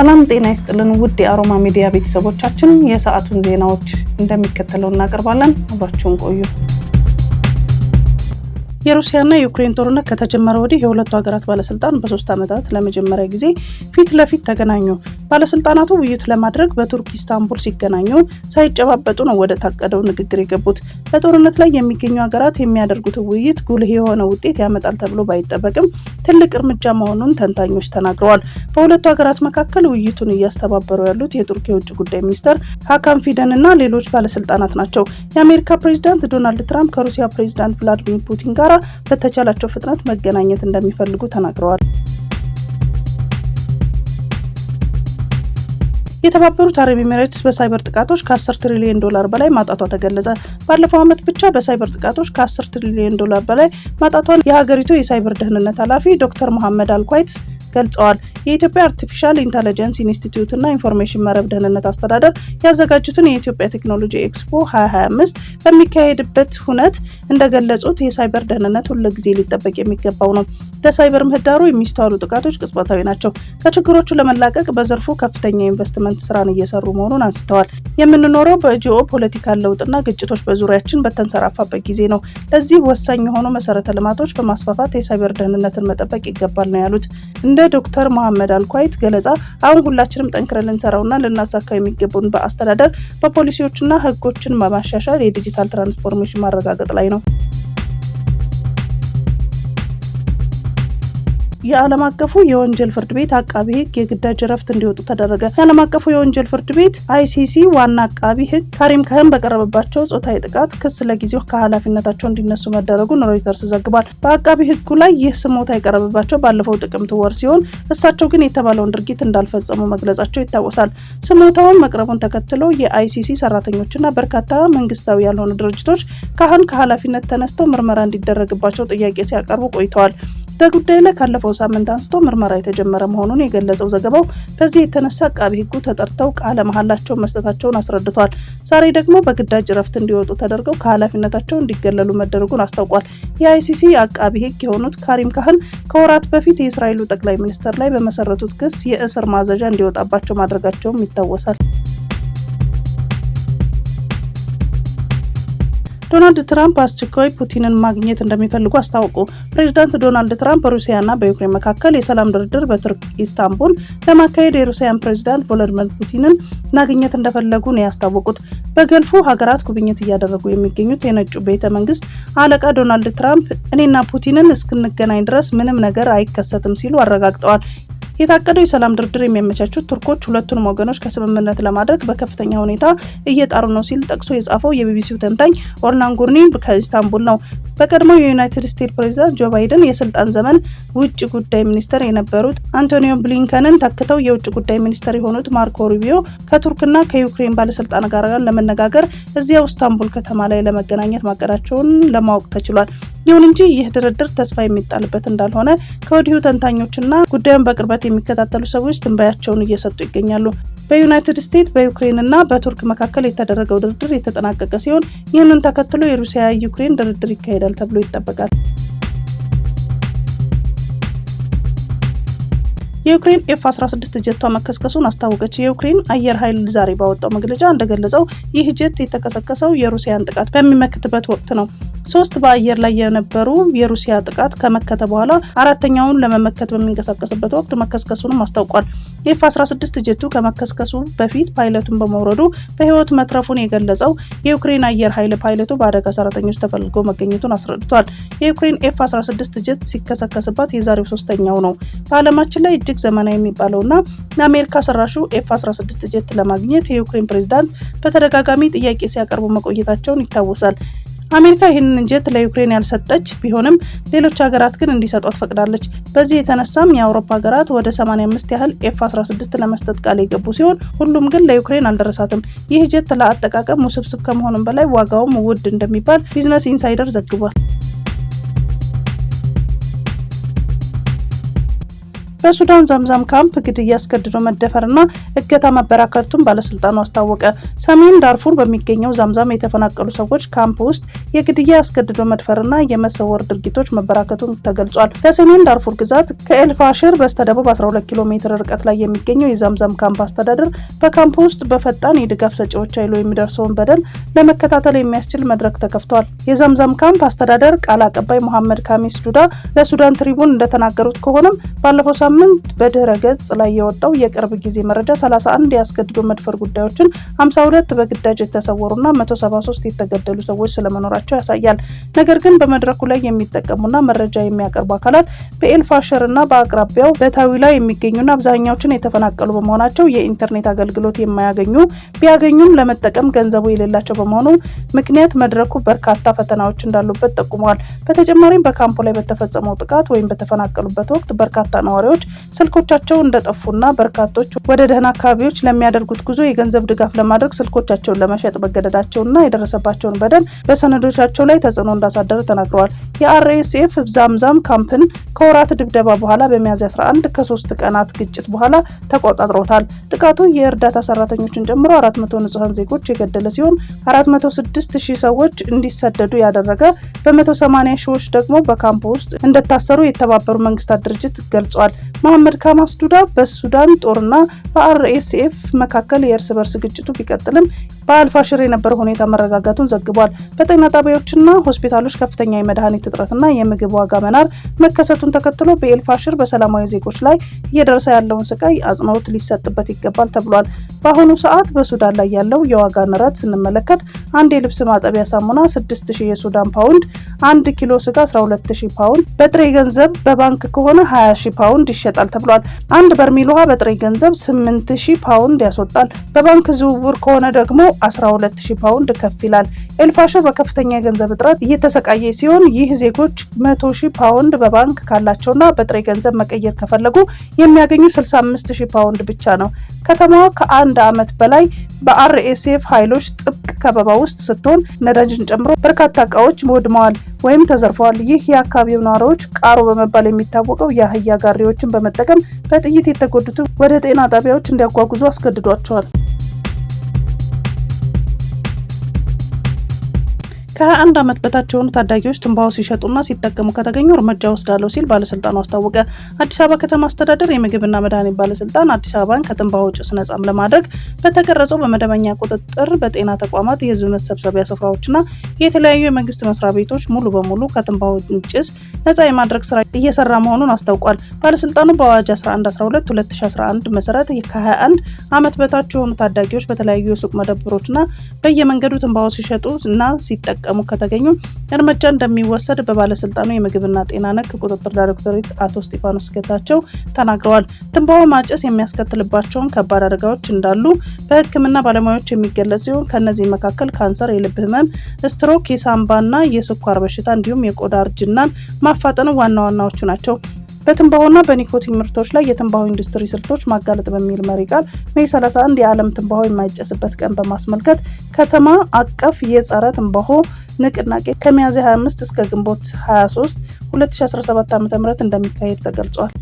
ሰላም ጤና ይስጥልን ውድ የአሮማ ሚዲያ ቤተሰቦቻችን፣ የሰዓቱን ዜናዎች እንደሚከተለው እናቀርባለን። አብራችሁን ቆዩ። የሩሲያና የዩክሬን ጦርነት ከተጀመረ ወዲህ የሁለቱ ሀገራት ባለስልጣን በሶስት ዓመታት ለመጀመሪያ ጊዜ ፊት ለፊት ተገናኙ። ባለስልጣናቱ ውይይት ለማድረግ በቱርክ ኢስታንቡል ሲገናኙ ሳይጨባበጡ ነው ወደ ታቀደው ንግግር የገቡት። በጦርነት ላይ የሚገኙ ሀገራት የሚያደርጉት ውይይት ጉልህ የሆነ ውጤት ያመጣል ተብሎ ባይጠበቅም ትልቅ እርምጃ መሆኑን ተንታኞች ተናግረዋል። በሁለቱ ሀገራት መካከል ውይይቱን እያስተባበሩ ያሉት የቱርክ የውጭ ጉዳይ ሚኒስተር ሀካም ፊደን እና ሌሎች ባለስልጣናት ናቸው። የአሜሪካ ፕሬዚዳንት ዶናልድ ትራምፕ ከሩሲያ ፕሬዚዳንት ቭላዲሚር ፑቲን ጋር በተቻላቸው ፍጥነት መገናኘት እንደሚፈልጉ ተናግረዋል። የተባበሩት አረብ ኤሚሬትስ በሳይበር ጥቃቶች ከ10 ትሪሊዮን ዶላር በላይ ማጣቷ ተገለጸ። ባለፈው ዓመት ብቻ በሳይበር ጥቃቶች ከ10 ትሪሊዮን ዶላር በላይ ማጣቷን የሀገሪቱ የሳይበር ደህንነት ኃላፊ ዶክተር መሐመድ አልኳይት ገልጸዋል። የኢትዮጵያ አርቲፊሻል ኢንተለጀንስ ኢንስቲትዩት እና ኢንፎርሜሽን መረብ ደህንነት አስተዳደር ያዘጋጁትን የኢትዮጵያ ቴክኖሎጂ ኤክስፖ 2025 በሚካሄድበት ሁነት እንደገለጹት የሳይበር ደህንነት ሁልጊዜ ሊጠበቅ የሚገባው ነው። ለሳይበር ምህዳሩ የሚስተዋሉ ጥቃቶች ቅጽበታዊ ናቸው። ከችግሮቹ ለመላቀቅ በዘርፉ ከፍተኛ ኢንቨስትመንት ስራን እየሰሩ መሆኑን አንስተዋል። የምንኖረው በጂኦ ፖለቲካል ለውጥና ግጭቶች በዙሪያችን በተንሰራፋበት ጊዜ ነው። ለዚህ ወሳኝ የሆኑ መሰረተ ልማቶች በማስፋፋት የሳይበር ደህንነትን መጠበቅ ይገባል ነው ያሉት። እንደ ዶክተር መሐመድ አልኳይት ገለጻ አሁን ሁላችንም ጠንክረን ልንሰራውና ልናሳካው የሚገቡን በአስተዳደር በፖሊሲዎችና ህጎችን በማሻሻል የዲጂታል ትራንስፎርሜሽን ማረጋገጥ ላይ ነው። የዓለም አቀፉ የወንጀል ፍርድ ቤት አቃቢ ህግ የግዳጅ እረፍት እንዲወጡ ተደረገ። የዓለም አቀፉ የወንጀል ፍርድ ቤት አይሲሲ ዋና አቃቢ ህግ ካሪም ካህን በቀረበባቸው ጾታዊ ጥቃት ክስ ለጊዜው ከኃላፊነታቸው እንዲነሱ መደረጉን ሮይተርስ ዘግቧል። በአቃቢ ህጉ ላይ ይህ ስሞታ የቀረበባቸው ባለፈው ጥቅምት ወር ሲሆን እሳቸው ግን የተባለውን ድርጊት እንዳልፈጸሙ መግለጻቸው ይታወሳል። ስሞታውን መቅረቡን ተከትሎ የአይሲሲ ሰራተኞችና በርካታ መንግስታዊ ያልሆኑ ድርጅቶች ካህን ከኃላፊነት ተነስተው ምርመራ እንዲደረግባቸው ጥያቄ ሲያቀርቡ ቆይተዋል። በጉዳዩ ላይ ካለፈው ሳምንት አንስቶ ምርመራ የተጀመረ መሆኑን የገለጸው ዘገባው በዚህ የተነሳ አቃቢ ሕጉ ተጠርተው ቃለ መሀላቸውን መስጠታቸውን አስረድቷል። ዛሬ ደግሞ በግዳጅ እረፍት እንዲወጡ ተደርገው ከኃላፊነታቸው እንዲገለሉ መደረጉን አስታውቋል። የአይሲሲ አቃቢ ሕግ የሆኑት ካሪም ካህን ከወራት በፊት የእስራኤሉ ጠቅላይ ሚኒስትር ላይ በመሰረቱት ክስ የእስር ማዘዣ እንዲወጣባቸው ማድረጋቸውም ይታወሳል። ዶናልድ ትራምፕ አስቸኳይ ፑቲንን ማግኘት እንደሚፈልጉ አስታወቁ። ፕሬዚዳንት ዶናልድ ትራምፕ በሩሲያና በዩክሬን መካከል የሰላም ድርድር በቱርክ ኢስታንቡል ለማካሄድ የሩሲያን ፕሬዚዳንት ቮሎድሚር ፑቲንን ማግኘት እንደፈለጉ ነው ያስታወቁት። በገልፉ ሀገራት ጉብኝት እያደረጉ የሚገኙት የነጩ ቤተ መንግስት አለቃ ዶናልድ ትራምፕ እኔና ፑቲንን እስክንገናኝ ድረስ ምንም ነገር አይከሰትም ሲሉ አረጋግጠዋል። የታቀደው የሰላም ድርድር የሚያመቻቹት ቱርኮች ሁለቱንም ወገኖች ከስምምነት ለማድረግ በከፍተኛ ሁኔታ እየጣሩ ነው ሲል ጠቅሶ የጻፈው የቢቢሲው ተንታኝ ኦርናን ጉርኒ ከኢስታንቡል ነው። በቀድሞው የዩናይትድ ስቴትስ ፕሬዚዳንት ጆ ባይደን የስልጣን ዘመን ውጭ ጉዳይ ሚኒስትር የነበሩት አንቶኒዮ ብሊንከንን ተክተው የውጭ ጉዳይ ሚኒስትር የሆኑት ማርኮ ሩቢዮ ከቱርክና ከዩክሬን ባለስልጣን ጋር ለመነጋገር እዚያው ኢስታንቡል ከተማ ላይ ለመገናኘት ማቀዳቸውን ለማወቅ ተችሏል። ይሁን እንጂ ይህ ድርድር ተስፋ የሚጣልበት እንዳልሆነ ከወዲሁ ተንታኞችና ጉዳዩን በቅርበት የሚከታተሉ ሰዎች ትንበያቸውን እየሰጡ ይገኛሉ። በዩናይትድ ስቴትስ በዩክሬንና በቱርክ መካከል የተደረገው ድርድር የተጠናቀቀ ሲሆን ይህንን ተከትሎ የሩሲያ ዩክሬን ድርድር ይካሄዳል ተብሎ ይጠበቃል። የዩክሬን ኤፍ 16 ጀቷ መከስከሱን አስታወቀች። የዩክሬን አየር ኃይል ዛሬ ባወጣው መግለጫ እንደገለጸው ይህ ጀት የተከሰከሰው የሩሲያን ጥቃት በሚመክትበት ወቅት ነው። ሶስት በአየር ላይ የነበሩ የሩሲያ ጥቃት ከመከተ በኋላ አራተኛውን ለመመከት በሚንቀሳቀስበት ወቅት መከስከሱንም አስታውቋል። ኤፍ 16 ጀቱ ከመከስከሱ በፊት ፓይለቱን በመውረዱ በህይወት መትረፉን የገለጸው የዩክሬን አየር ኃይል ፓይለቱ በአደጋ ሰራተኞች ተፈልጎ መገኘቱን አስረድቷል። የዩክሬን ኤፍ 16 ጀት ሲከሰከስባት የዛሬው ሶስተኛው ነው። በዓለማችን ላይ እጅግ ዘመናዊ የሚባለውና የአሜሪካ ሰራሹ ኤፍ 16 ጀት ለማግኘት የዩክሬን ፕሬዚዳንት በተደጋጋሚ ጥያቄ ሲያቀርቡ መቆየታቸውን ይታወሳል። አሜሪካ ይህንን ጀት ለዩክሬን ያልሰጠች ቢሆንም ሌሎች ሀገራት ግን እንዲሰጧት ፈቅዳለች። በዚህ የተነሳም የአውሮፓ ሀገራት ወደ 85 ያህል ኤፍ 16 ለመስጠት ቃል የገቡ ሲሆን ሁሉም ግን ለዩክሬን አልደረሳትም። ይህ ጀት ለአጠቃቀም ውስብስብ ከመሆኑም በላይ ዋጋውም ውድ እንደሚባል ቢዝነስ ኢንሳይደር ዘግቧል። በሱዳን ዛምዛም ካምፕ ግድያ፣ አስገድዶ መደፈርና እገታ መበራከቱን ባለስልጣኑ አስታወቀ። ሰሜን ዳርፉር በሚገኘው ዛምዛም የተፈናቀሉ ሰዎች ካምፕ ውስጥ የግድያ፣ አስገድዶ መድፈርና የመሰወር ድርጊቶች መበራከቱን ተገልጿል። ከሰሜን ዳርፉር ግዛት ከኤልፋሽር በስተደቡብ 12 ኪሎ ሜትር ርቀት ላይ የሚገኘው የዛምዛም ካምፕ አስተዳደር በካምፕ ውስጥ በፈጣን የድጋፍ ሰጪዎች አይሎ የሚደርሰውን በደል ለመከታተል የሚያስችል መድረክ ተከፍቷል። የዛምዛም ካምፕ አስተዳደር ቃል አቀባይ መሐመድ ካሚስ ዱዳ ለሱዳን ትሪቡን እንደተናገሩት ከሆነም ባለፈው ሳምንት በድረ ገጽ ላይ የወጣው የቅርብ ጊዜ መረጃ 31 ያስገድዶ መድፈር ጉዳዮችን 52 በግዳጅ የተሰወሩና 173 የተገደሉ ሰዎች ስለመኖራቸው ያሳያል። ነገር ግን በመድረኩ ላይ የሚጠቀሙና መረጃ የሚያቀርቡ አካላት በኤልፋሸር እና በአቅራቢያው በታዊላ የሚገኙና አብዛኛዎችን የተፈናቀሉ በመሆናቸው የኢንተርኔት አገልግሎት የማያገኙ ቢያገኙም ለመጠቀም ገንዘቡ የሌላቸው በመሆኑ ምክንያት መድረኩ በርካታ ፈተናዎች እንዳሉበት ጠቁመዋል። በተጨማሪም በካምፖ ላይ በተፈጸመው ጥቃት ወይም በተፈናቀሉበት ወቅት በርካታ ነዋሪዎች ሰዎች ስልኮቻቸው እንደጠፉና በርካቶች ወደ ደህና አካባቢዎች ለሚያደርጉት ጉዞ የገንዘብ ድጋፍ ለማድረግ ስልኮቻቸውን ለመሸጥ መገደዳቸውና የደረሰባቸውን በደል በሰነዶቻቸው ላይ ተጽዕኖ እንዳሳደረ ተናግረዋል። የአርኤስኤፍ ዛምዛም ካምፕን ከወራት ድብደባ በኋላ በሚያዝያ 11 ከሶስት ቀናት ግጭት በኋላ ተቆጣጥሮታል። ጥቃቱ የእርዳታ ሰራተኞችን ጨምሮ 400 ንጹሐን ዜጎች የገደለ ሲሆን 406 ሺህ ሰዎች እንዲሰደዱ ያደረገ በ180 ሺዎች ደግሞ በካምፕ ውስጥ እንደታሰሩ የተባበሩ መንግስታት ድርጅት ገልጿል። መሐመድ ካማስ ዱዳ በሱዳን ጦርና በአርኤስኤፍ መካከል የእርስ በርስ ግጭቱ ቢቀጥልም በአልፋሽር የነበረ ሁኔታ መረጋጋቱን ዘግቧል። በጤና ጣቢያዎችና ሆስፒታሎች ከፍተኛ የመድኃኒት እጥረትና የምግብ ዋጋ መናር መከሰቱን ተከትሎ በኤልፋሽር በሰላማዊ ዜጎች ላይ እየደረሰ ያለውን ስቃይ አጽንኦት ሊሰጥበት ይገባል ተብሏል። በአሁኑ ሰዓት በሱዳን ላይ ያለው የዋጋ ንረት ስንመለከት አንድ የልብስ ማጠቢያ ሳሙና 6000 የሱዳን ፓውንድ፣ አንድ ኪሎ ስጋ 12000 ፓውንድ፣ በጥሬ ገንዘብ በባንክ ከሆነ 20000 ፓውንድ ይሸጣል ተብሏል። አንድ በርሜል ውሃ በጥሬ ገንዘብ 8000 ፓውንድ ያስወጣል። በባንክ ዝውውር ከሆነ ደግሞ 12,000 ፓውንድ ከፍ ይላል። ኤልፋሾ በከፍተኛ የገንዘብ እጥረት እየተሰቃየ ሲሆን ይህ ዜጎች 100,000 ፓውንድ በባንክ ካላቸውና በጥሬ ገንዘብ መቀየር ከፈለጉ የሚያገኙ 65,000 ፓውንድ ብቻ ነው። ከተማዋ ከአንድ ዓመት በላይ በአርኤስኤፍ ኃይሎች ጥብቅ ከበባ ውስጥ ስትሆን ነዳጅን ጨምሮ በርካታ እቃዎች ወድመዋል ወይም ተዘርፈዋል። ይህ የአካባቢው ነዋሪዎች ቃሮ በመባል የሚታወቀው የአህያ ጋሪዎችን በመጠቀም በጥይት የተጎዱትን ወደ ጤና ጣቢያዎች እንዲያጓጉዙ አስገድዷቸዋል። ከአንድ 21 ዓመት በታች የሆኑ ታዳጊዎች ትንባሆ ሲሸጡና ሲጠቀሙ ከተገኙ እርምጃ ወስዳለሁ ሲል ባለስልጣኑ አስታወቀ። አዲስ አበባ ከተማ አስተዳደር የምግብና መድኃኒት ባለስልጣን አዲስ አበባን ከትንባሆ ጭስ ነጻም ለማድረግ በተቀረጸው በመደበኛ ቁጥጥር በጤና ተቋማት፣ የህዝብ መሰብሰቢያ ስፍራዎችና የተለያዩ የመንግስት መስሪያ ቤቶች ሙሉ በሙሉ ከትንባሆ ጭስ ነጻ የማድረግ ስራ እየሰራ መሆኑን አስታውቋል። ባለስልጣኑ በአዋጅ 1112 2011 መሰረት ከ21 ዓመት በታች የሆኑ ታዳጊዎች በተለያዩ የሱቅ መደብሮችና በየመንገዱ ትንባሆ ሲሸጡ እና ሲጠቀሙ ሲጠቀሙ ከተገኙ እርምጃ እንደሚወሰድ በባለስልጣኑ የምግብና ጤና ነክ ቁጥጥር ዳይሬክቶሬት አቶ ስጢፋኖስ ገታቸው ተናግረዋል። ትንባሆ ማጨስ የሚያስከትልባቸውን ከባድ አደጋዎች እንዳሉ በሕክምና ባለሙያዎች የሚገለጽ ሲሆን ከእነዚህ መካከል ካንሰር፣ የልብ ህመም፣ ስትሮክ፣ የሳምባና የስኳር በሽታ እንዲሁም የቆዳ እርጅናን ማፋጠን ዋና ዋናዎቹ ናቸው። በትንባሆና በኒኮቲን ምርቶች ላይ የትንባሆ ኢንዱስትሪ ስልቶች ማጋለጥ በሚል መሪ ቃል ሜይ 31 የዓለም ትንባሆ የማይጨስበት ቀን በማስመልከት ከተማ አቀፍ የጸረ ትንባሆ ንቅናቄ ከሚያዝያ 25 እስከ ግንቦት 23 2017 ም እንደሚካሄድ ተገልጿል።